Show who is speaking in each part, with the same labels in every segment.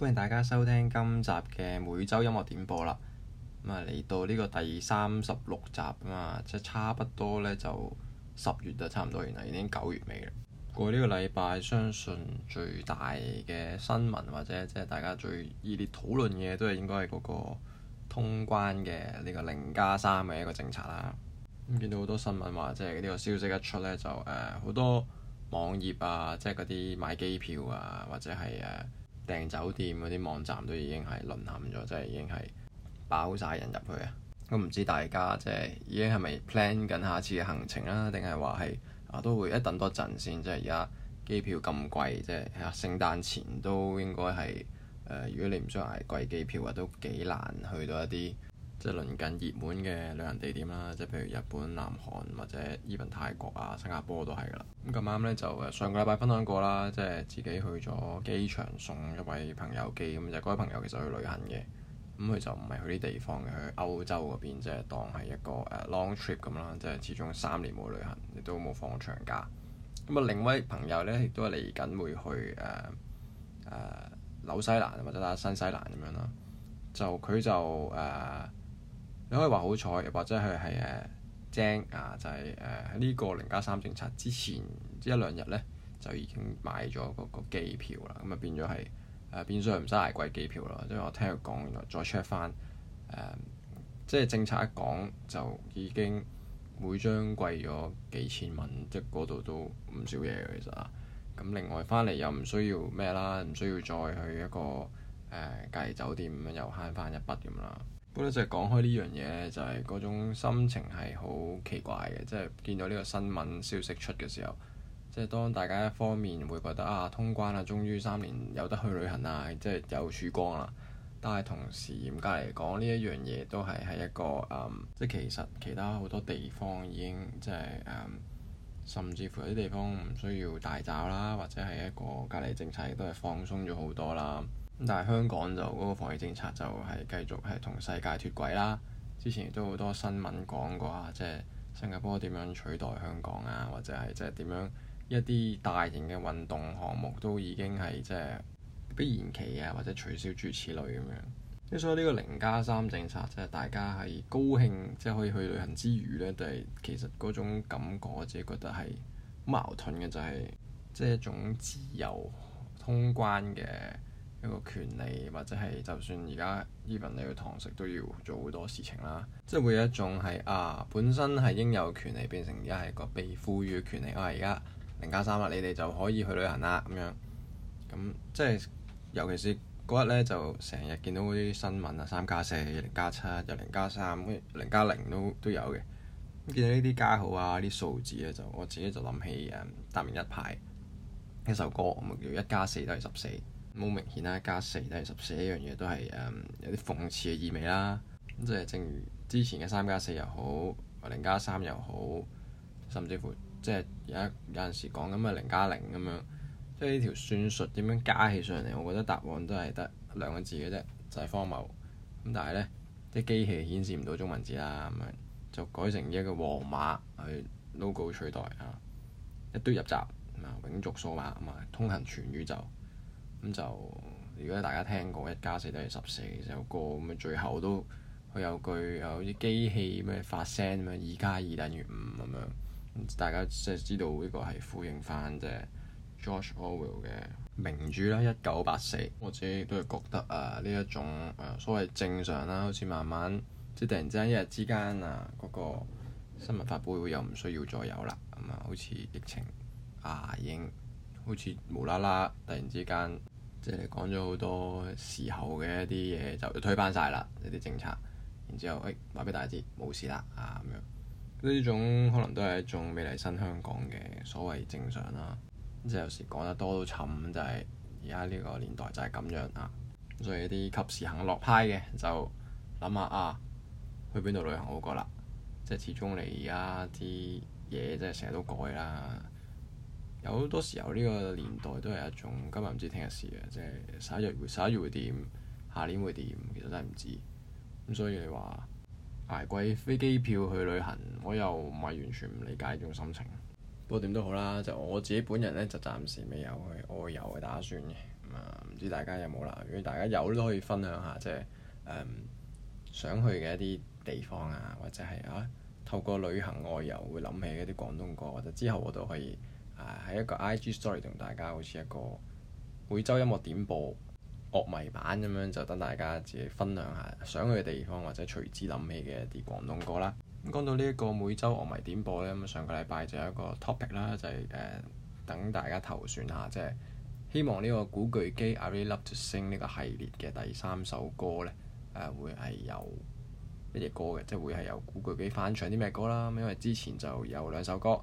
Speaker 1: 歡迎大家收聽今集嘅每週音樂點播啦。咁啊，嚟到呢個第三十六集啊嘛，即係差不多呢，就十月就差唔多，原來已經九月尾啦。過呢個禮拜，相信最大嘅新聞或者即係大家最熱烈討論嘅，都係應該係嗰個通關嘅呢、這個零加三嘅一個政策啦。
Speaker 2: 咁見
Speaker 1: 到好多新聞話，即係呢個消息一出呢，就誒好、呃、多網頁啊，即係嗰啲買機票啊，或者係誒。呃訂酒店嗰啲網站都已經係淪陷咗，即係已經係包晒人入去啊！咁唔知大家即係已經係咪 plan 緊下次嘅行程啊？定係話係啊都會一等多陣先，即係而家機票咁貴，即係聖誕前都應該係誒、呃，如果你唔想捱貴機票啊，都幾難去到一啲。即係鄰近熱門嘅旅行地點啦，即係譬如日本、南韓或者 Even 泰國啊、新加坡都係噶啦。咁咁啱咧，就誒上個禮拜分享過啦，即係自己去咗機場送一位朋友機。咁就嗰位朋友其實去旅行嘅，咁佢就唔係去啲地方嘅，去歐洲嗰邊即係當係一個誒 long trip 咁啦，即係始終三年冇旅行，亦都冇放過長假。咁啊，另一位朋友咧亦都係嚟緊會去誒誒、呃呃、紐西蘭或者啦新西蘭咁樣啦，就佢就誒。呃你可以話好彩，又或者佢係誒精啊，就係誒呢個零加三政策之前一兩日咧，就已經買咗個個機票啦。咁啊變咗係誒變相唔使捱貴機票咯、啊，即係我聽佢講，原來再 check 翻誒，即係政策一講就已經每張貴咗幾千蚊，即係嗰度都唔少嘢其實啊。咁另外翻嚟又唔需要咩啦，唔需要再去一個誒、啊、隔離酒店咁又慳翻一筆咁啦。不過咧就係講開呢樣嘢，就係嗰種心情係好奇怪嘅，即係見到呢個新聞消息出嘅時候，即係當大家一方面會覺得啊，通關啦，終於三年有得去旅行啦，即係有曙光啦。但係同時嚴格嚟講，呢一樣嘢都係喺一個、嗯、即係其實其他好多地方已經即係、嗯、甚至乎有啲地方唔需要大罩啦，或者係一個隔離政策亦都係放鬆咗好多啦。咁但係香港就嗰個防疫政策就係繼續係同世界脫軌啦。之前亦都好多新聞講過啊，即係新加坡點樣取代香港啊，或者係即係點樣一啲大型嘅運動項目都已經係即係不延期啊，或者取消諸如此類咁樣。即所以呢個零加三政策即係大家係高興，即係可以去旅行之餘呢，都係其實嗰種感覺，我自己覺得係矛盾嘅，就係即係一種自由通關嘅。一個權利，或者係就算而家 even 你去堂食都要做好多事情啦，即係會有一種係啊本身係應有權利變成而家係個被賦予嘅權利。我係而家零加三啦，你哋就可以去旅行啦咁樣。咁即係尤其是嗰日咧，就成日見到啲新聞啊，三加四、零加七、又零加三、零加零都都有嘅。咁見到呢啲加號啊、啲數字咧、啊，就我自己就諗起誒《達、嗯、明一派》，一首歌，我叫《一加四都係十四》。冇明顯啦，加四等於十四，呢樣嘢都係誒、嗯、有啲諷刺嘅意味啦。即、就、係、是、正如之前嘅三加四又好，或零加三又好，甚至乎即係、就是、有有陣時講咁啊零加零咁樣，即係呢條算術點樣加起上嚟？我覺得答案都係得兩個字嘅啫，就係、是、荒謬。咁但係咧，啲機器顯示唔到中文字啦，咁樣就改成一個黃馬去 logo 取代啊。一堆入集啊，永續數碼啊，通行全宇宙。咁就如果大家聽過一加四等於十四首歌，咁啊最後都佢有句啊，有好似機器咩發聲咁樣，二加二等於五咁樣，大家即係知道呢個係呼應翻嘅 George Orwell 嘅名著啦，一九八四。我自己都係覺得啊，呢一種啊所謂正常啦，好似慢慢即係突然之間一日之間啊，嗰、那個新聞發布會又唔需要再有啦，咁啊好似疫情啊已經。好似無啦啦，突然之間即係、就是、你講咗好多時候嘅一啲嘢，就推翻晒啦、就是、一啲政策。然之後，誒話俾大家知，冇事啦啊咁樣。呢種可能都係一種美麗新香港嘅所謂正常啦、啊。即係有時講得多都慘，就係而家呢個年代就係咁樣啊。所以一啲及時行樂派嘅就諗下啊，去邊度旅行好過啦。即係始終你而家啲嘢即係成日都改啦。有好多時候呢個年代都係一種今日唔知聽日事嘅，即係十一月會十一月會點，下年會點，其實真係唔知咁。所以你話捱貴飛機票去旅行，我又唔係完全唔理解呢種心情。嗯、不過點都好啦，就我自己本人呢，就暫時未有去外遊嘅打算嘅。啊，唔知大家有冇啦？如果大家有都可以分享下，即係、嗯、想去嘅一啲地方啊，或者係啊透過旅行外遊會諗起一啲廣東歌，或者之後我都可以，喺一個 IG Story 同大家好似一個每周音樂點播樂迷版咁樣，就等大家自己分享下想去嘅地方或者隨之諗起嘅一啲廣東歌啦。咁講到呢一個每周樂迷點播呢，咁上個禮拜就有一個 topic 啦、就是，就係誒等大家投選下，即、就、係、是、希望呢個古巨基《I、really、Love To Sing》呢個系列嘅第三首歌呢，誒、呃、會係有乜嘢歌嘅，即係會係由古巨基翻唱啲咩歌啦。因為之前就有兩首歌。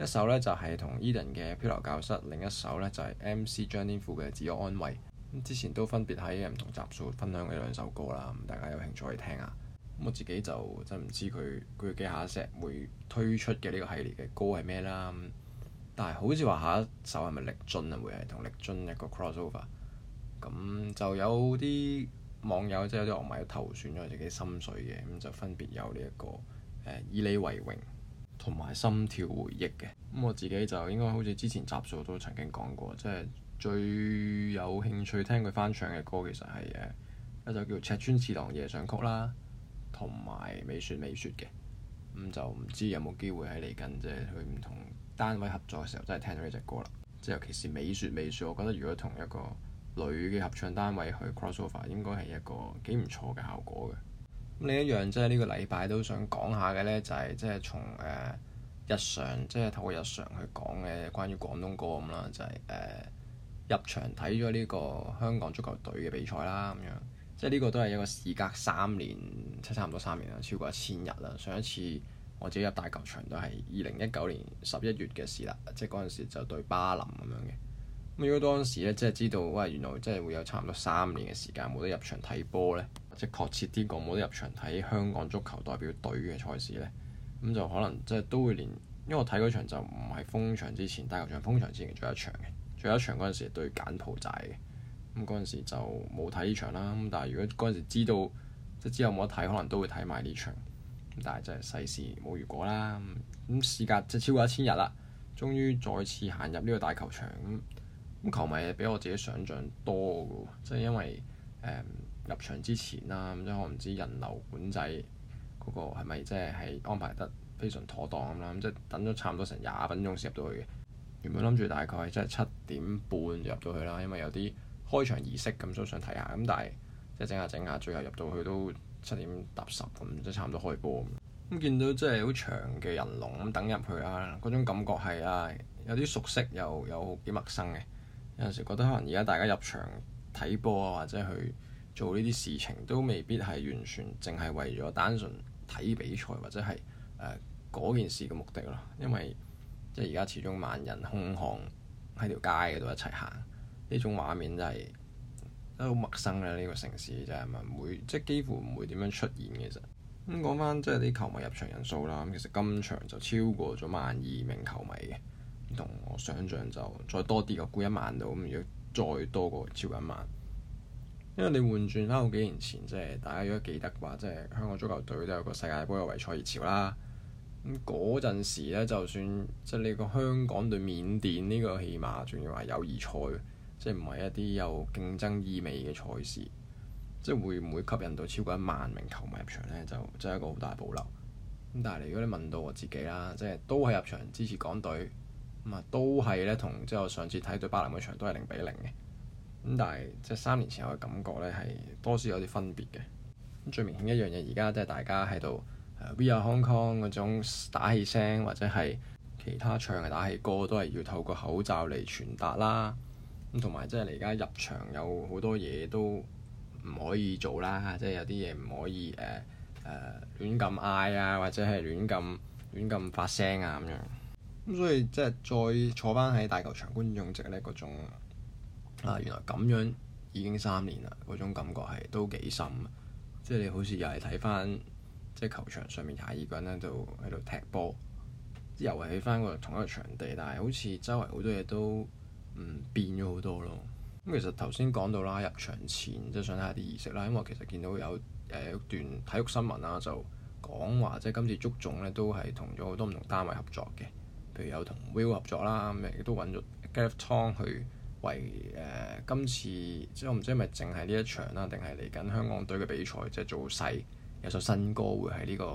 Speaker 1: 一首咧就係同 Edan 嘅《漂流教室》，另一首咧就係、是、MC 張天賦嘅《自我安慰》。咁之前都分別喺唔同集數分享嘅兩首歌啦，咁大家有興趣去聽下。咁我自己就真係唔知佢佢幾下 set 會推出嘅呢個系列嘅歌係咩啦。但係好似話下一首係咪力俊啊？會係同力俊一個 cross over。咁就有啲網友即係、就是、有啲樂迷都投選咗自己心水嘅，咁就分別有呢、這、一個誒以你為榮。呃同埋心跳回憶嘅，咁我自己就應該好似之前集數都曾經講過，即係最有興趣聽佢翻唱嘅歌其實係誒一首叫《赤川次郎夜上曲》啦，同埋《美雪美雪》嘅，咁就唔知有冇機會喺嚟緊即係佢唔同單位合作嘅時候，真係聽到呢隻歌啦。即係尤其是《美雪美雪》，我覺得如果同一個女嘅合唱單位去 cross over，應該係一個幾唔錯嘅效果嘅。咁另一樣，即係呢個禮拜都想講下嘅呢，就係即係從日常，即係透過日常去講嘅關於廣東歌咁啦，就係誒入場睇咗呢個香港足球隊嘅比賽啦。咁樣即係呢個都係一個事隔三年，差唔多三年啦，超過一千日啦。上一次我自己入大球場都係二零一九年十一月嘅事啦，即係嗰陣時就對巴林咁樣嘅。咁如果當時咧，即係知道，哇，原來即係會有差唔多三年嘅時間冇得入場睇波咧，即係確切啲講，冇得入場睇香港足球代表隊嘅賽事咧。咁就可能即係都會連，因為我睇嗰場就唔係封場之前，大球場封場之前最後一場嘅最後一場嗰陣時對柬埔寨嘅。咁嗰陣時就冇睇呢場啦。咁但係如果嗰陣時知道即係之後冇得睇，可能都會睇埋呢場。咁但係真係世事冇如果啦。咁時隔即係超過一千日啦，終於再次行入呢個大球場球迷係比我自己想象多㗎喎，即係因為誒、嗯、入場之前啦，咁即係我唔知人流管制嗰個係咪即係係安排得非常妥當咁啦。咁、嗯、即係等咗差唔多成廿分鐘先入到去。原本諗住大概即係七點半入到去啦，因為有啲開場儀式咁，所以想睇下。咁但係即係整下整下，最後入到去都七點踏十咁，即係差唔多開波。咁、嗯、見到即係好長嘅人龍咁、嗯、等入去啦，嗰種感覺係啊有啲熟悉又有幾陌生嘅。有陣時覺得可能而家大家入場睇波啊，或者去做呢啲事情，都未必係完全淨係為咗單純睇比賽或者係誒嗰件事嘅目的咯。因為即係而家始終萬人空巷喺條街嗰度一齊行，呢種畫面就係都好陌生嘅，呢個城市就係唔會即係幾乎唔會點樣出現嘅。其實咁講返即係啲球迷入場人數啦，咁其實今場就超過咗萬二名球迷嘅。同我想象就再多啲個估一萬度，咁如果再多個超過一萬，因為你換轉翻好幾年前，即係大家如果記得嘅話，即係香港足球隊都有個世界杯嘅圍賽熱潮啦。咁嗰陣時咧，就算即係你個香港對緬甸呢個起碼仲要話友誼賽，即係唔係一啲有競爭意味嘅賽事，即係會唔會吸引到超過一萬名球迷入場咧？就真係一個好大保留。咁但係如果你問到我自己啦，即係都係入場支持港隊。都係咧，同即係我上次睇對巴林馬場都係零比零嘅。咁但係即係三年前我嘅感覺咧，係多少有啲分別嘅。咁最明顯一樣嘢，而家即係大家喺度 We Are Hong Kong 嗰種打氣聲或者係其他唱嘅打氣歌，都係要透過口罩嚟傳達啦。咁同埋即你而家入場有好多嘢都唔可以做啦，即係有啲嘢唔可以誒誒、呃呃、亂咁嗌啊，或者係亂咁亂咁發聲啊咁樣。咁所以即係再坐返喺大球場觀眾席呢，嗰種啊，原來咁樣已經三年啦，嗰種感覺係都幾深。即係你好似又係睇翻即係球場上面廿二個人咧，就喺度踢波，又係喺翻個同一個場地，但係好似周圍好多嘢都嗯，變咗好多咯。咁其實頭先講到啦，入場前即係想睇下啲儀式啦，因為其實見到有誒一段體育新聞啦、啊，就講話即係今次足總呢都係同咗好多唔同單位合作嘅。有同 Will 合作啦，咁亦都揾咗 Gareth Tong 去為誒、呃、今次即係我唔知係咪淨係呢一場啦，定係嚟緊香港隊嘅比賽，即係做細有首新歌會喺呢個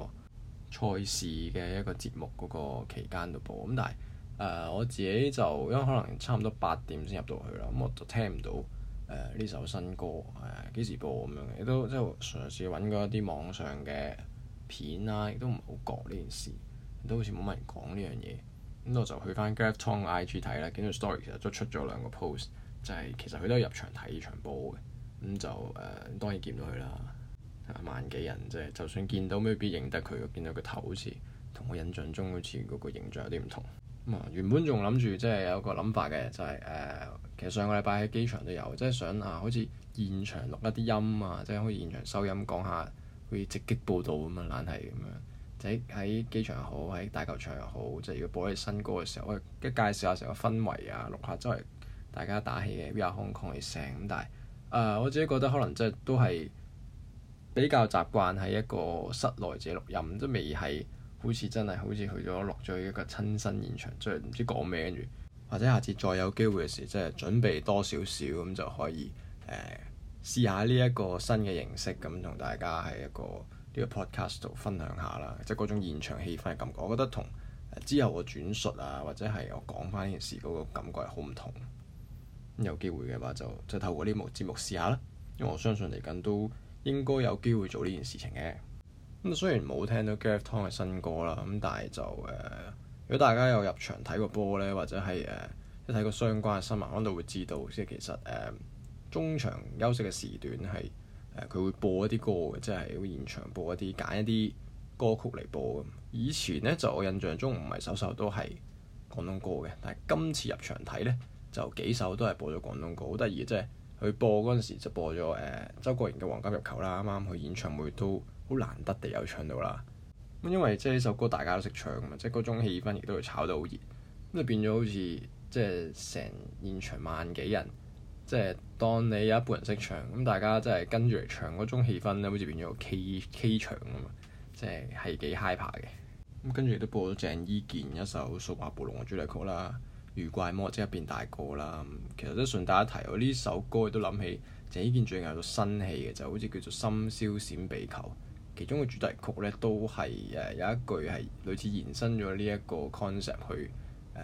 Speaker 1: 賽事嘅一個節目嗰個期間度播。咁但係誒、呃、我自己就因為可能差唔多八點先入到去啦，咁我就聽唔到誒呢、呃、首新歌係幾、呃、時播咁樣嘅，亦都即係嘗試揾過一啲網上嘅片啦、啊，亦都唔好覺呢件事都好似冇乜人講呢樣嘢。咁我就去翻 Grafton 嘅 IG 睇啦，見到 Story 其實都出咗兩個 post，就係其實佢都入場睇場波嘅，咁就誒、呃、當然見到佢啦，萬幾人啫，就算見到未必認得佢，見到個頭好似同我印象中好似嗰個形象有啲唔同。咁啊、嗯，原本仲諗住即係有個諗法嘅，就係、是、誒、呃，其實上個禮拜喺機場都有，即係想啊，好似現場錄一啲音啊，即係好似現場收音講下，好似直擊報導咁啊，懶係咁樣。喺喺機場又好，喺大球場又好，即係如果播起新歌嘅時候，我即係介紹下成個氛圍啊，錄下周圍大家打氣嘅比 r 空 o n t 咁，但係誒、呃、我自己覺得可能即係都係比較習慣喺一個室內者錄音，都未係好似真係好似去咗錄咗一個親身現場，即係唔知講咩跟住，或者下次再有機會嘅時，即、就、係、是、準備多少少咁就可以誒、呃、試下呢一個新嘅形式，咁同大家係一個。呢個 podcast 度分享下啦，即係嗰種現場氣氛嘅感覺，我覺得同、呃、之後嘅轉述啊，或者係我講翻呢件事嗰個感覺係好唔同。有機會嘅話，就即透過呢幕節目試下啦。因為我相信嚟緊都應該有機會做呢件事情嘅。咁、嗯、雖然冇聽到 Gareth.T 嘅新歌啦，咁但係就誒、呃，如果大家有入場睇過波咧，或者係誒一睇過相關嘅新聞，我都會知道，即係其實誒、呃、中場休息嘅時段係。誒佢、呃、會播一啲歌嘅，即係會現場播一啲揀一啲歌曲嚟播。以前呢，就我印象中唔係首首都係廣東歌嘅，但係今次入場睇呢，就幾首都係播咗廣東歌，好得意，即係佢播嗰陣時就播咗誒、呃、周國賢嘅《黃金入球》啦，啱啱佢演唱會都好難得地有唱到啦。咁因為即係呢首歌大家都識唱嘛，即係嗰種氣氛亦都會炒得好熱，咁就變咗好似即係成現場萬幾人。即係當你有一半人識唱，咁大家即係跟住嚟唱嗰種氣氛咧，好似變咗個 K K 場咁，即係係幾 hyper 嘅。咁跟住都播咗鄭伊健一首《數碼暴龍》嘅主題曲啦，《遇怪魔即刻變大個》啦。其實都順帶一提，我呢首歌都諗起鄭伊健最近有個新戲嘅，就係、好似叫做《深宵閃避球》，其中嘅主題曲咧都係誒有一句係類似延伸咗呢一個 concept 去誒。嗯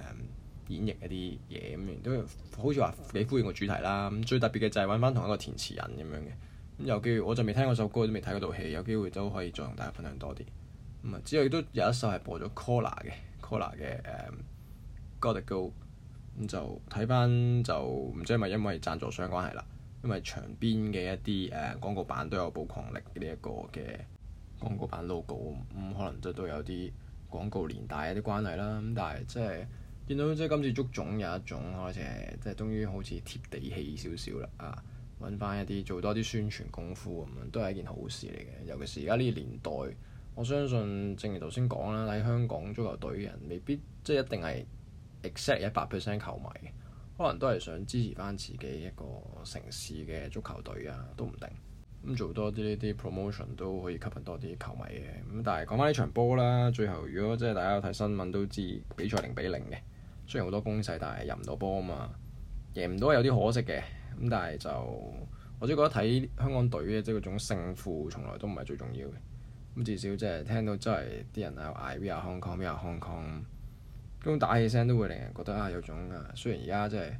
Speaker 1: 演繹一啲嘢咁，都好似話幾敷衍個主題啦。咁最特別嘅就係揾翻同一個填詞人咁樣嘅。咁又，譬如我就未聽過首歌，都未睇過套戲，有機會都可以再同大家分享多啲。咁、嗯、啊，之後亦都有一首係播咗 Cola 嘅 Cola 嘅誒 Got to go。咁、uh, go, 嗯、就睇翻就唔知係咪因為贊助商關係啦，因為場邊嘅一啲誒、uh, 廣告版都有寶礦力呢一、個嘅廣告版 logo，咁、嗯、可能都都有啲廣告連帶一啲關係啦。咁但係即係。見到即係今次足總有一種開始，即係終於好似貼地氣少少啦。啊，揾翻一啲做多啲宣傳功夫咁，都係一件好事嚟嘅。尤其是而家呢年代，我相信正如頭先講啦，喺香港足球隊嘅人未必即係一定係 exactly 一百 percent 球迷，可能都係想支持翻自己一個城市嘅足球隊啊，都唔定。咁、嗯、做多啲呢啲 promotion 都可以吸引多啲球迷嘅。咁、嗯、但係講翻呢場波啦，最後如果即係大家有睇新聞都知比賽零比零嘅。雖然好多攻勢，但係入唔到波啊嘛，贏唔到有啲可惜嘅。咁但係就我只覺得睇香港隊嘅，即係嗰種勝負從來都唔係最重要嘅。咁至少即係聽到真係啲人啊嗌 We Are Hong Kong，We Are Hong Kong，咁打起聲都會令人覺得啊有種啊。雖然而家即係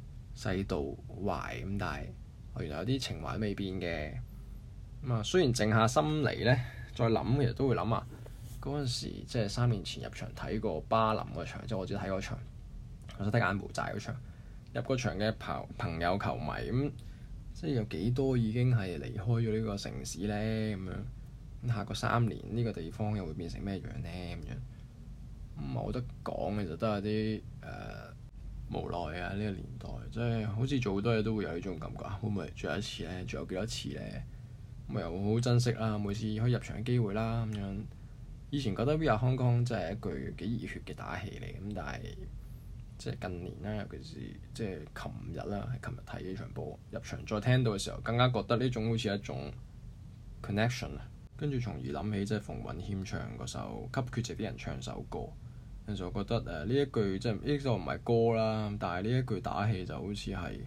Speaker 1: 世道壞咁，但係原來有啲情懷未變嘅。咁啊，雖然靜下心嚟咧再諗，其實都會諗啊嗰陣時即係三年前入場睇過巴林個場，即係我只睇嗰場。我得眼無債嗰場入嗰場嘅朋友球迷咁，即係有幾多已經係離開咗呢個城市呢？咁樣咁下個三年呢個地方又會變成咩樣呢？咁樣咁冇得講嘅就都係啲誒無奈啊！呢個年代即係好似做好多嘢都會有呢種感覺，好唔會最後一次呢，再有幾多次呢？咁又好珍惜啦，每次可以入場嘅機會啦。咁樣以前覺得 We Are Hong Kong 真係一句幾熱血嘅打氣嚟，咁但係～即係近年啦，尤其是即係琴日啦，係琴日睇呢場波，入場再聽到嘅時候，更加覺得呢種好似一種 connection，跟住從而諗起即係馮允謙唱嗰首《給缺席啲人唱首歌》，其實我覺得誒呢、呃、一句即係呢首唔係歌啦，但係呢一句打氣就好似係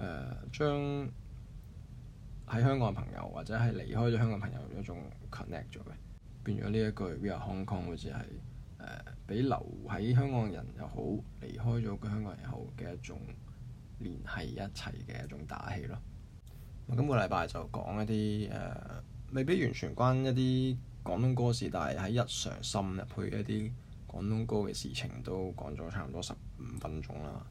Speaker 1: 誒將喺香港嘅朋友或者係離開咗香港嘅朋友一種 connect 咗嘅，變咗呢一句 We are Hong Kong 好似係。誒俾、呃、留喺香港人又好，離開咗嘅香港人又好嘅一種聯繫一齊嘅一種打氣咯。咁、呃、個禮拜就講一啲誒、呃，未必完全關一啲廣東歌事，但係喺日常深入去一啲廣東歌嘅事情都講咗差唔多十五分鐘啦。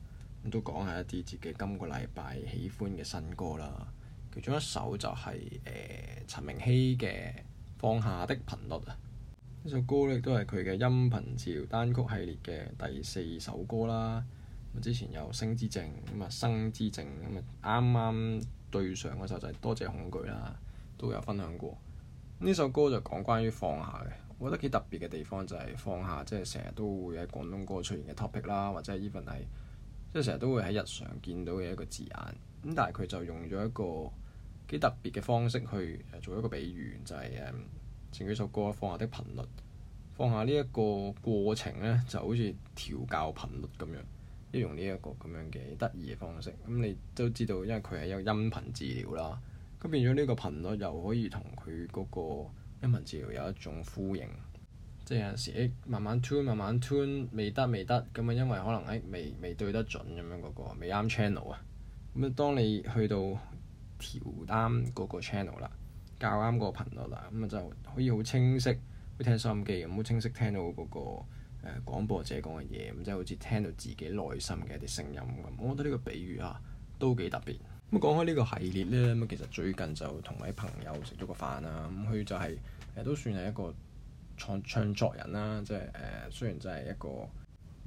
Speaker 1: 咁都講一下一啲自己今個禮拜喜歡嘅新歌啦。其中一首就係、是、誒、呃、陳明憙嘅《放下的頻率》啊。呢首歌咧亦都係佢嘅音頻治療單曲系列嘅第四首歌啦。咁之前有《生之靜》，咁啊《生之靜》，咁啊啱啱對上嘅就係《多謝恐懼》啦，都有分享過。呢首歌就講關於放下嘅，我覺得幾特別嘅地方就係放下，即係成日都會喺廣東歌出現嘅 topic 啦，或者 even 係即係成日都會喺日常見到嘅一個字眼。咁但係佢就用咗一個幾特別嘅方式去做一個比喻，就係誒。成句首歌放下的頻率，放下呢一個過程咧，就好似調校頻率咁樣，用呢一個咁樣嘅得意嘅方式。咁你都知道，因為佢係一個音頻治療啦，咁變咗呢個頻率又可以同佢嗰個音頻治療有一種呼應。即係有陣時誒，慢慢 tune，慢慢 tune，未得未得，咁啊，因為可能誒未未對得準咁樣嗰個，未啱 channel 啊。咁啊，當你去到調啱嗰個 channel 啦。校啱個頻率啦，咁啊就可以好清晰，好聽收音機咁好清晰聽到嗰、那個誒、呃、廣播者講嘅嘢，咁即係好似聽到自己內心嘅一啲聲音咁。我覺得呢個比喻啊都幾特別。咁、嗯、講開呢個系列呢，咁其實最近就同埋啲朋友食咗個飯啊，咁佢就係、是、誒、呃、都算係一個創創作人啦，即係誒雖然真係一個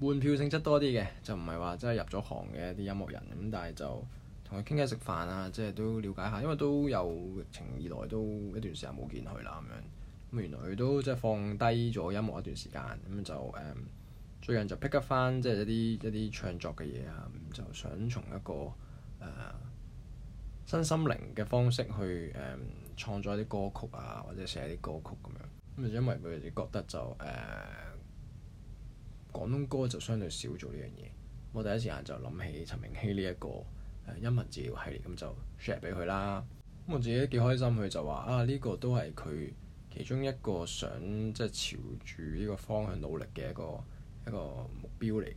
Speaker 1: 玩票性質多啲嘅，就唔係話真係入咗行嘅一啲音樂人咁，但係就。同佢傾偈食飯啊，即係都了解下，因為都有疫情以來都一段時間冇見佢啦。咁樣咁原來佢都即係放低咗音樂一段時間，咁就誒、嗯、最近就 pick up 翻即係一啲一啲創作嘅嘢啊，咁、嗯、就想從一個誒身、呃、心靈嘅方式去誒、呃、創作一啲歌曲啊，或者寫啲歌曲咁樣。咁就因為佢哋覺得就誒、呃、廣東歌就相對少咗呢樣嘢，我第一時間就諗起陳明憙呢一個。音頻治療系列咁就 share 俾佢啦。咁我自己幾開心，佢就話啊，呢、呢個都係佢其中一個想即係朝住呢個方向努力嘅一個一個目標嚟嘅。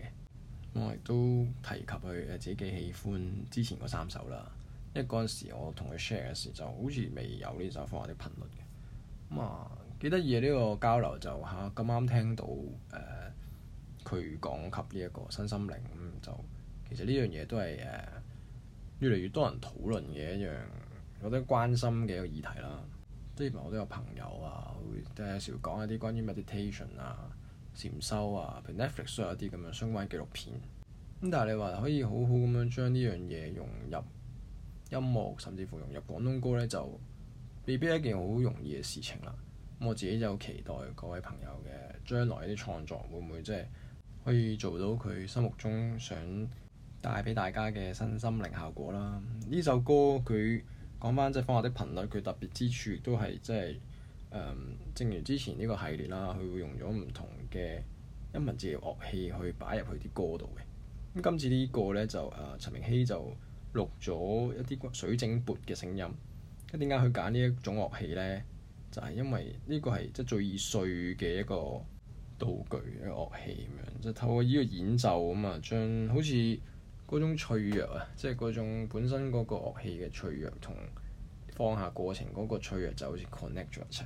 Speaker 1: 我亦都提及佢、啊、自己幾喜歡之前嗰三首啦，因為嗰陣時我同佢 share 嘅時就好似未有呢首放下啲頻率嘅咁啊。幾得意啊！呢、呢個交流就嚇咁啱聽到誒佢、啊、講及呢一個身心靈咁就其實呢樣嘢都係誒。啊越嚟越多人討論嘅一樣，覺得關心嘅一個議題啦。即係譬如我都有朋友啊，會即係有時會講一啲關於 meditation 啊、禪修啊，譬如 Netflix 啊一啲咁樣相關紀錄片。咁但係你話可以好好咁樣將呢樣嘢融入音樂，甚至乎融入廣東歌呢，就未必係一件好容易嘅事情啦。咁我自己就期待各位朋友嘅將來啲創作會唔會即係可以做到佢心目中想。帶俾大家嘅身心靈效果啦！呢首歌佢講翻即係《放下、就是、的頻率》，佢特別之處都係即係正如之前呢個系列啦，佢會用咗唔同嘅音文字樂器去擺入去啲歌度嘅。咁今次呢個呢，就誒、呃、陳明憙就錄咗一啲水晶缽嘅聲音。咁點解佢揀呢一種樂器呢？就係、是、因為呢個係即係最易碎嘅一個道具、一個樂器咁樣，就是、透過呢個演奏咁啊，將好似～嗰種脆弱啊，即係嗰種本身嗰個樂器嘅脆弱，同放下過程嗰個脆弱，就好似 connect 咗一齊。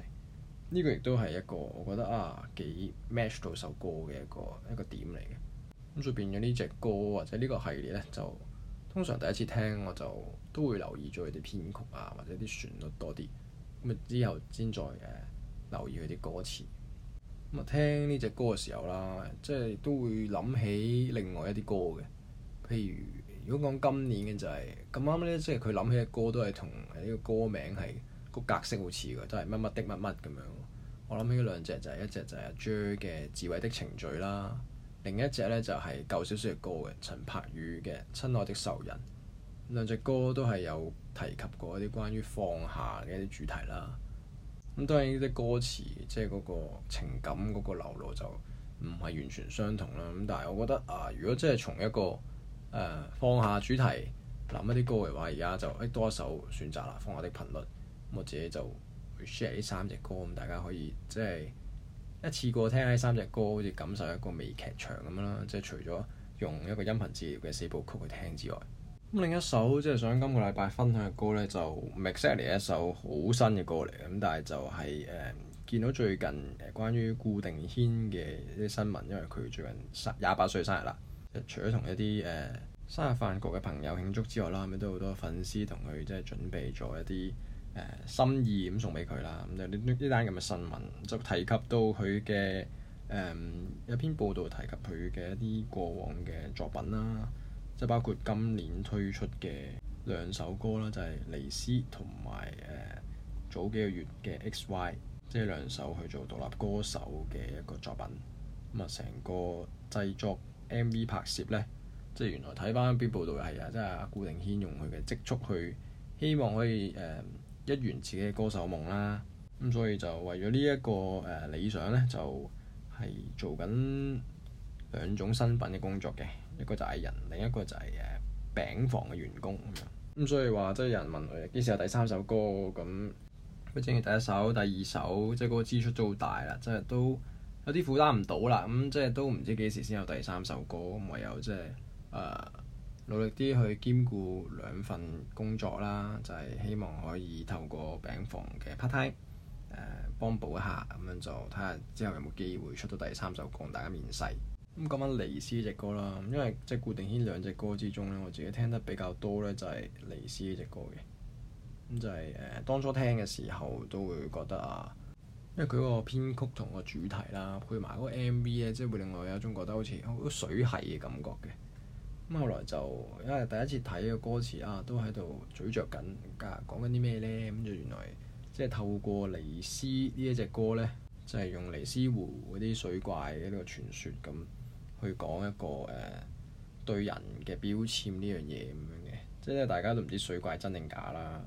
Speaker 1: 呢個亦都係一個我覺得啊幾 match 到首歌嘅一個一個點嚟嘅。咁就變咗呢隻歌或者呢個系列咧，就通常第一次聽我就都會留意咗佢啲編曲啊，或者啲旋律多啲。咁啊之後先再誒、啊、留意佢啲歌詞。咁啊聽呢隻歌嘅時候啦，即係都會諗起另外一啲歌嘅。譬如如果講今年嘅就係咁啱咧，即係佢諗起嘅歌都係同呢個歌名係個格式好似嘅，都係乜乜的乜乜咁樣。我諗起兩隻就係、是、一隻就係阿 Jer 嘅《智慧的情緒》啦，另一隻咧就係舊少少嘅歌嘅陳柏宇嘅《親愛的仇人》。兩隻歌都係有提及過一啲關於放下嘅一啲主題啦。咁當然呢啲歌詞即係嗰個情感嗰個流露就唔係完全相同啦。咁但係我覺得啊，如果真係從一個誒放下主題，諗一啲歌嚟話，而家就誒多一首選擇啦。放下啲頻率，我自己就 share 呢三隻歌，咁大家可以即係一次過聽呢三隻歌，好似感受一個美劇場咁樣啦。即係除咗用一個音頻治療嘅四部曲去聽之外，咁、嗯、另一首即係、就是、想今個禮拜分享嘅歌呢，就 mixer 嚟一首好新嘅歌嚟咁，但係就係、是、誒、嗯、見到最近關於顧定軒嘅一啲新聞，因為佢最近卅廿八歲生日啦。除咗同一啲誒、呃、生日飯局嘅朋友慶祝之外啦，咁亦都好多粉絲同佢即係準備咗一啲誒、呃、心意咁送俾佢啦。咁就呢呢單咁嘅新聞就提及到佢嘅誒一篇報道提及佢嘅一啲過往嘅作品啦，即係包括今年推出嘅兩首歌啦，就係、是《尼斯》同埋誒早幾個月嘅 X、Y，即係兩首去做獨立歌手嘅一個作品。咁、嗯、啊，成個製作。M.V. 拍攝呢，即係原來睇翻邊報道係啊，即係阿顧定軒用佢嘅積蓄去希望可以誒、呃、一圓自己嘅歌手夢啦。咁所以就為咗呢一個誒、呃、理想呢，就係、是、做緊兩種身份嘅工作嘅，一個就係藝人，另一個就係、是、誒、呃、餅房嘅員工咁樣。咁所以話即係有人問佢幾時有第三首歌咁，正係第一首、第二首，即係嗰個支出都好大啦，即係都。有啲負擔唔到啦，咁、嗯、即係都唔知幾時先有第三首歌，咁唯有即係誒努力啲去兼顧兩份工作啦，就係、是、希望可以透過餅房嘅 part time 誒、呃、幫補一下，咁、嗯、樣就睇下之後有冇機會出到第三首歌同大家面世。咁、嗯、講返《尼斯》呢隻歌啦，因為即係顧定軒兩隻歌之中咧，我自己聽得比較多咧就係、是《尼斯》呢隻歌嘅，咁就係、是、誒、呃、當初聽嘅時候都會覺得啊～因為佢嗰個編曲同個主題啦，配埋嗰個 MV 咧，即係會令我有一種覺得好似好多水系嘅感覺嘅。咁後來就因為第一次睇個歌詞啊，都喺度咀嚼緊，家講緊啲咩咧？咁就原來即係透過尼斯呢一隻歌咧，就係用尼斯湖嗰啲水怪呢個傳說咁去講一個誒、呃、對人嘅標籤呢樣嘢咁樣嘅。即係大家都唔知水怪真定假啦，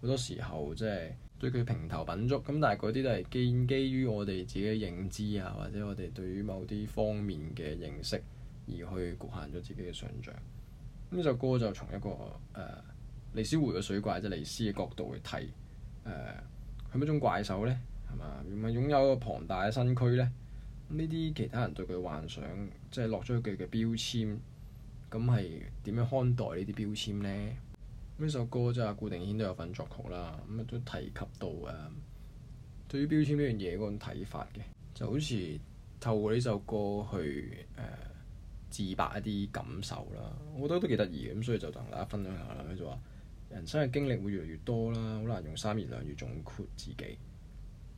Speaker 1: 好多時候即係。所以佢評頭品足，咁但係嗰啲都係建基，基於我哋自己嘅認知啊，或者我哋對於某啲方面嘅認識而去局限咗自己嘅想像。呢首歌就從一個誒、呃、尼斯湖嘅水怪即尼斯嘅角度去睇，誒係咪一種怪獸咧？係嘛？係咪擁有一個龐大嘅身軀咧？呢啲其他人對佢幻想，即係落咗佢嘅標籤，咁係點樣看待呢啲標籤咧？呢首歌就係顧定軒都有份作曲啦。咁、嗯、啊，都提及到誒、嗯，對於標籤呢樣嘢嗰種睇法嘅，就好似透過呢首歌去誒、呃、自白一啲感受啦。我覺得都幾得意咁，所以就同大家分享下啦。佢就話人生嘅經歷會越嚟越多啦，好難用三言兩語總括自己。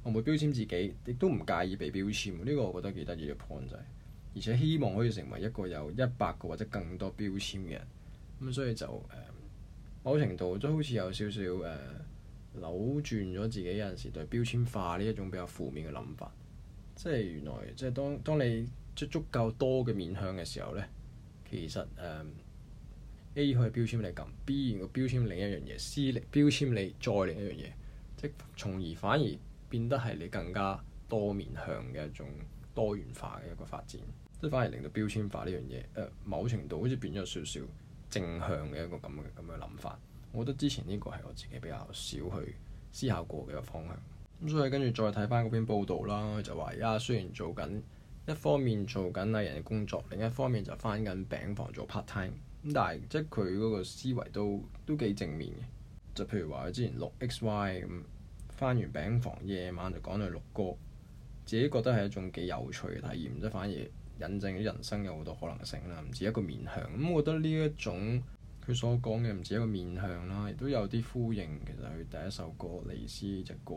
Speaker 1: 我唔會標籤自己，亦都唔介意被標籤。呢、這個我覺得幾得意嘅 point 就係、是、而且希望可以成為一個有一百個或者更多標籤嘅人。咁、嗯、所以就誒。呃某程度都好似有少少誒、呃，扭轉咗自己有陣時對標籤化呢一種比較負面嘅諗法，即係原來，即係當當你即係足夠多嘅面向嘅時候咧，其實誒、呃、A 可以標籤你撳，B 個標籤另一樣嘢，C 標籤你再另一樣嘢，即係從而反而變得係你更加多面向嘅一種多元化嘅一個發展，即係反而令到標籤化呢樣嘢誒，某程度好似變咗少少。正向嘅一個咁嘅咁嘅諗法，我覺得之前呢個係我自己比較少去思考過嘅一個方向。咁所以跟住再睇翻嗰篇報道啦，就話而家雖然做緊一方面做緊藝人嘅工作，另一方面就翻緊餅房做 part time。咁但係即係佢嗰個思維都都幾正面嘅，就譬如話佢之前錄 X Y 咁，翻完餅房夜晚就趕去錄歌，自己覺得係一種幾有趣嘅體驗啫，反而、嗯。引證人人生有好多可能性啦，唔止一個面向咁、嗯。我覺得呢一種佢所講嘅唔止一個面向啦，亦都有啲呼應其實佢第一首歌《尼斯》隻歌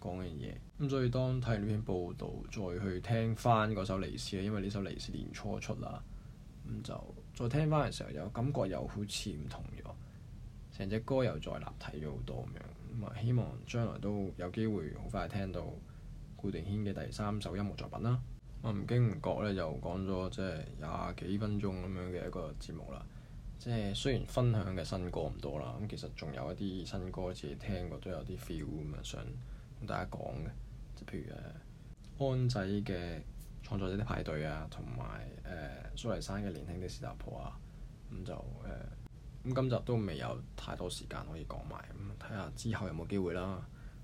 Speaker 1: 講嘅嘢。咁、嗯、所以當睇完呢篇報道，再去聽翻嗰首《尼斯》，因為呢首《尼斯》年初出啦，咁、嗯、就再聽翻嘅時候又感覺又好似唔同咗，成隻歌又再立體咗好多咁樣。咁、嗯、啊，希望將來都有機會好快聽到顧定軒嘅第三首音樂作品啦。我唔、啊、經唔覺咧，又講咗即係廿幾分鐘咁樣嘅一個節目啦。即係雖然分享嘅新歌唔多啦，咁其實仲有一啲新歌自己聽過都有啲 feel 咁啊，想同大家講嘅，即係譬如誒、呃、安仔嘅《創作者的派對》啊，同埋誒蘇黎山嘅《年輕的事頭婆》啊，咁就誒咁、呃、今集都未有太多時間可以講埋，咁睇下之後有冇機會啦。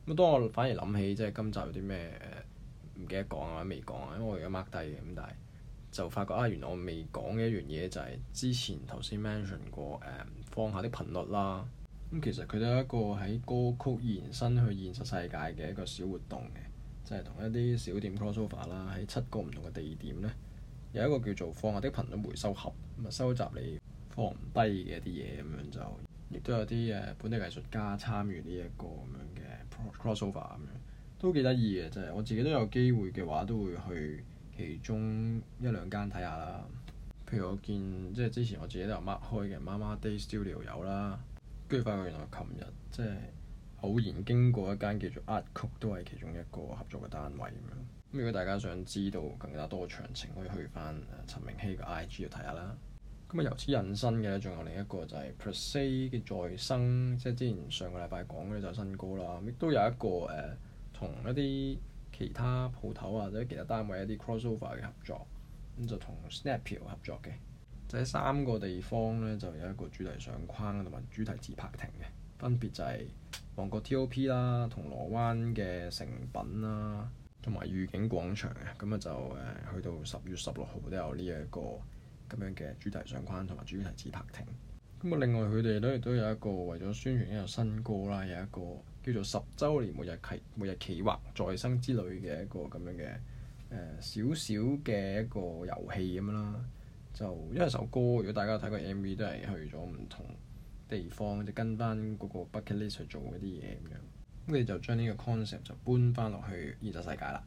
Speaker 1: 咁啊，當我反而諗起即係今集有啲咩誒？呃唔記得講啊，我未講啊，因為我而家 mark 低嘅咁，但係就發覺啊，原來我未講嘅一樣嘢就係之前頭先 mention 過誒、嗯、放下的頻率啦。咁、嗯、其實佢都有一個喺歌曲延伸去現實世界嘅一個小活動嘅，即係同一啲小店 crossover 啦，喺七個唔同嘅地點咧，有一個叫做放下的頻率回收盒，咁啊收集你放唔低嘅一啲嘢咁樣就，亦都有啲誒、啊、本地藝術家參與呢、這、一個咁樣嘅 crossover 咁樣。都幾得意嘅，真係我自己都有機會嘅話，都會去其中一兩間睇下啦。譬如我見即係之前我自己都有 mark 開嘅媽媽 Day Studio 有啦，跟住發覺原來琴日即係偶然經過一間叫做 Art Cook 都係其中一個合作嘅單位咁樣。咁如果大家想知道更加多嘅詳情，可以去翻陳明憙嘅 I G 度睇下啦。咁啊，由此引申嘅咧，仲有另一個就係 per se 嘅在生，即係之前上個禮拜講嘅就係新歌啦，亦都有一個誒。啊同一啲其他鋪頭或者其他單位一啲 crossover 嘅合作，咁就同 Snapdeal 合作嘅。就喺三個地方咧，就有一個主題相框同埋主題自拍亭嘅。分別就係旺角 T.O.P 啦、啊，銅鑼灣嘅成品啦，同埋御景廣場嘅。咁啊就誒去到十月十六號都有呢、這、一個咁樣嘅主題相框同埋主題自拍亭。咁啊另外佢哋都亦都有一個為咗宣傳呢個新歌啦，有一個。叫做十週年末日企末日企劃，在生之旅嘅一個咁樣嘅誒少少嘅一個遊戲咁啦，就因為首歌，如果大家睇過 M.V. 都係去咗唔同地方，就跟翻嗰個 bucket list 去做嗰啲嘢咁樣。咁你就將呢個 concept 就搬翻落去現實世界啦。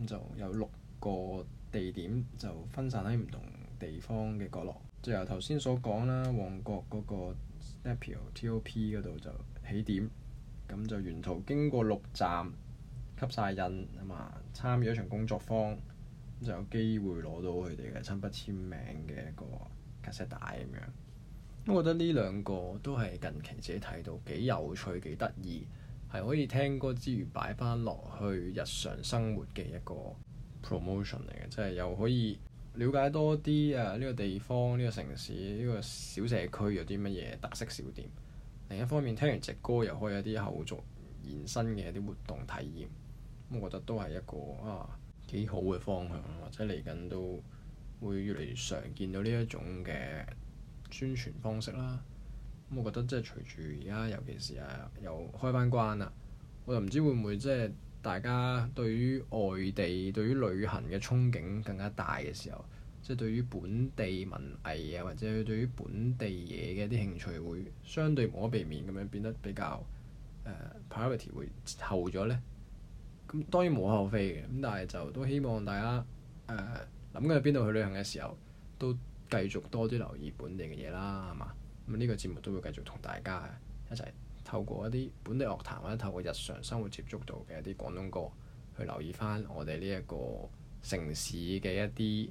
Speaker 1: 咁就有六個地點就分散喺唔同地方嘅角落。就由頭先所講啦，旺角嗰個 Snapple T.O.P. 嗰度就起點。咁就沿途經過六站，吸晒印啊嘛，參與一場工作坊，咁就有機會攞到佢哋嘅親筆簽名嘅一個卡式帶咁樣。我覺得呢兩個都係近期自己睇到幾有趣、幾得意，係可以聽歌之餘擺翻落去日常生活嘅一個 promotion 嚟嘅，即係又可以了解多啲啊呢個地方、呢個城市、呢個小社區有啲乜嘢特色小店。另一方面，聽完隻歌又可以有啲後續延伸嘅一啲活動體驗，我覺得都係一個啊幾好嘅方向，或者嚟緊都會越嚟越常見到呢一種嘅宣傳方式啦。咁我覺得即係隨住而家，尤其是啊又開翻關啦，我就唔知會唔會即係大家對於外地、對於旅行嘅憧憬更加大嘅時候。即係對於本地文藝啊，或者對於本地嘢嘅一啲興趣，會相對無可避免咁樣變得比較誒、呃、priority 會後咗咧。咁、嗯、當然無可厚非嘅，咁但係就都希望大家誒諗緊去邊度去旅行嘅時候，都繼續多啲留意本地嘅嘢啦，係嘛？咁、嗯、呢、呢個節目都會繼續同大家一齊透過一啲本地樂壇或者透過日常生活接觸到嘅一啲廣東歌，去留意翻我哋呢一個城市嘅一啲